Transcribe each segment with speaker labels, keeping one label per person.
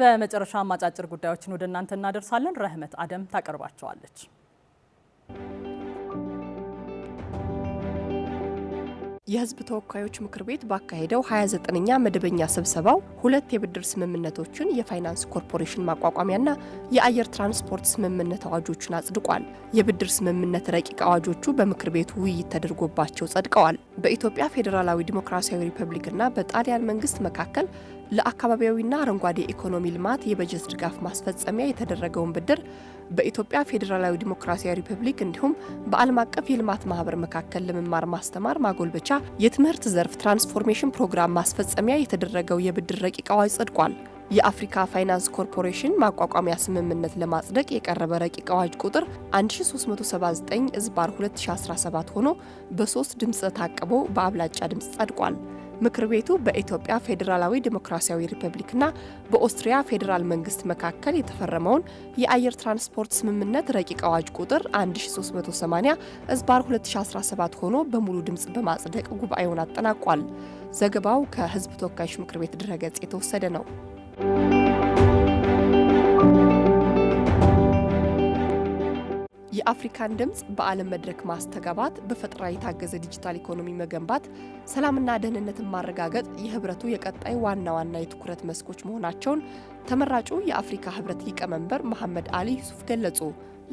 Speaker 1: በመጨረሻ አጫጭር ጉዳዮችን ወደ እናንተ እናደርሳለን። ረህመት አደም ታቀርባቸዋለች።
Speaker 2: የህዝብ ተወካዮች ምክር ቤት ባካሄደው 29ኛ መደበኛ ስብሰባው ሁለት የብድር ስምምነቶችን የፋይናንስ ኮርፖሬሽን ማቋቋሚያና የአየር ትራንስፖርት ስምምነት አዋጆችን አጽድቋል። የብድር ስምምነት ረቂቅ አዋጆቹ በምክር ቤቱ ውይይት ተደርጎባቸው ጸድቀዋል። በኢትዮጵያ ፌዴራላዊ ዲሞክራሲያዊ ሪፐብሊክና በጣሊያን መንግስት መካከል ለአካባቢያዊና አረንጓዴ ኢኮኖሚ ልማት የበጀት ድጋፍ ማስፈጸሚያ የተደረገውን ብድር በኢትዮጵያ ፌዴራላዊ ዲሞክራሲያዊ ሪፐብሊክ እንዲሁም በዓለም አቀፍ የልማት ማህበር መካከል ለመማር ማስተማር ማጎልበቻ የትምህርት ዘርፍ ትራንስፎርሜሽን ፕሮግራም ማስፈጸሚያ የተደረገው የብድር ረቂቅ አዋጅ ጸድቋል። የአፍሪካ ፋይናንስ ኮርፖሬሽን ማቋቋሚያ ስምምነት ለማጽደቅ የቀረበ ረቂቅ አዋጅ ቁጥር 1379 ዝባር 2017 ሆኖ በሶስት ድምፅ ታቅቦ በአብላጫ ድምፅ ጸድቋል። ምክር ቤቱ በኢትዮጵያ ፌዴራላዊ ዴሞክራሲያዊ ሪፐብሊክና በኦስትሪያ ፌዴራል መንግስት መካከል የተፈረመውን የአየር ትራንስፖርት ስምምነት ረቂቅ አዋጅ ቁጥር 1380 እዝባር 2017 ሆኖ በሙሉ ድምፅ በማጽደቅ ጉባኤውን አጠናቋል። ዘገባው ከህዝብ ተወካዮች ምክር ቤት ድረገጽ የተወሰደ ነው። የአፍሪካን ድምፅ በዓለም መድረክ ማስተጋባት፣ በፈጠራ የታገዘ ዲጂታል ኢኮኖሚ መገንባት፣ ሰላምና ደህንነትን ማረጋገጥ የህብረቱ የቀጣይ ዋና ዋና የትኩረት መስኮች መሆናቸውን ተመራጩ የአፍሪካ ህብረት ሊቀመንበር መሐመድ አሊ ዩሱፍ ገለጹ።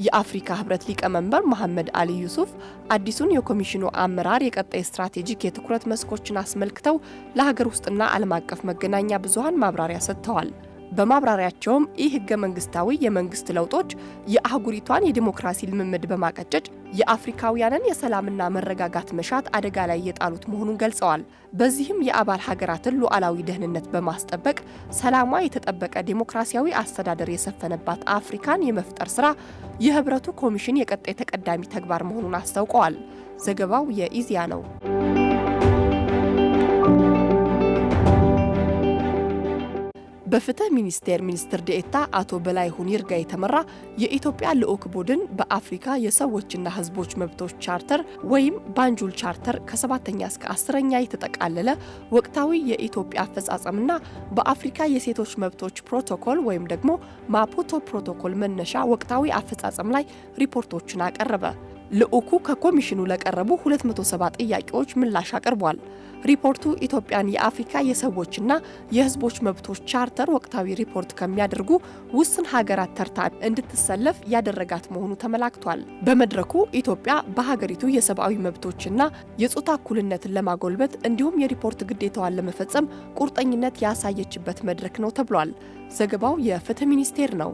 Speaker 2: የአፍሪካ ህብረት ሊቀመንበር መሐመድ አሊ ዩሱፍ አዲሱን የኮሚሽኑ አመራር የቀጣይ ስትራቴጂክ የትኩረት መስኮችን አስመልክተው ለሀገር ውስጥና ዓለም አቀፍ መገናኛ ብዙሃን ማብራሪያ ሰጥተዋል። በማብራሪያቸውም ይህ ህገ መንግስታዊ የመንግስት ለውጦች የአህጉሪቷን የዲሞክራሲ ልምምድ በማቀጨጭ የአፍሪካውያንን የሰላምና መረጋጋት መሻት አደጋ ላይ የጣሉት መሆኑን ገልጸዋል። በዚህም የአባል ሀገራትን ሉዓላዊ ደህንነት በማስጠበቅ ሰላሟ የተጠበቀ ዲሞክራሲያዊ አስተዳደር የሰፈነባት አፍሪካን የመፍጠር ስራ የህብረቱ ኮሚሽን የቀጣይ ተቀዳሚ ተግባር መሆኑን አስታውቀዋል። ዘገባው የኢዚያ ነው። በፍትህ ሚኒስቴር ሚኒስትር ዴኤታ አቶ በላይሁን ይርጋ የተመራ የኢትዮጵያ ልዑክ ቡድን በአፍሪካ የሰዎችና ሕዝቦች መብቶች ቻርተር ወይም ባንጁል ቻርተር ከሰባተኛ እስከ አስረኛ የተጠቃለለ ወቅታዊ የኢትዮጵያ አፈጻጸምና በአፍሪካ የሴቶች መብቶች ፕሮቶኮል ወይም ደግሞ ማፑቶ ፕሮቶኮል መነሻ ወቅታዊ አፈጻጸም ላይ ሪፖርቶችን አቀረበ። ልዑኩ ከኮሚሽኑ ለቀረቡ 270 ጥያቄዎች ምላሽ አቅርቧል። ሪፖርቱ ኢትዮጵያን የአፍሪካ የሰዎችና የሕዝቦች መብቶች ቻርተር ወቅታዊ ሪፖርት ከሚያደርጉ ውስን ሀገራት ተርታ እንድትሰለፍ ያደረጋት መሆኑ ተመላክቷል። በመድረኩ ኢትዮጵያ በሀገሪቱ የሰብአዊ መብቶችና የጾታ እኩልነትን ለማጎልበት እንዲሁም የሪፖርት ግዴታዋን ለመፈጸም ቁርጠኝነት ያሳየችበት መድረክ ነው ተብሏል። ዘገባው የፍትህ ሚኒስቴር ነው።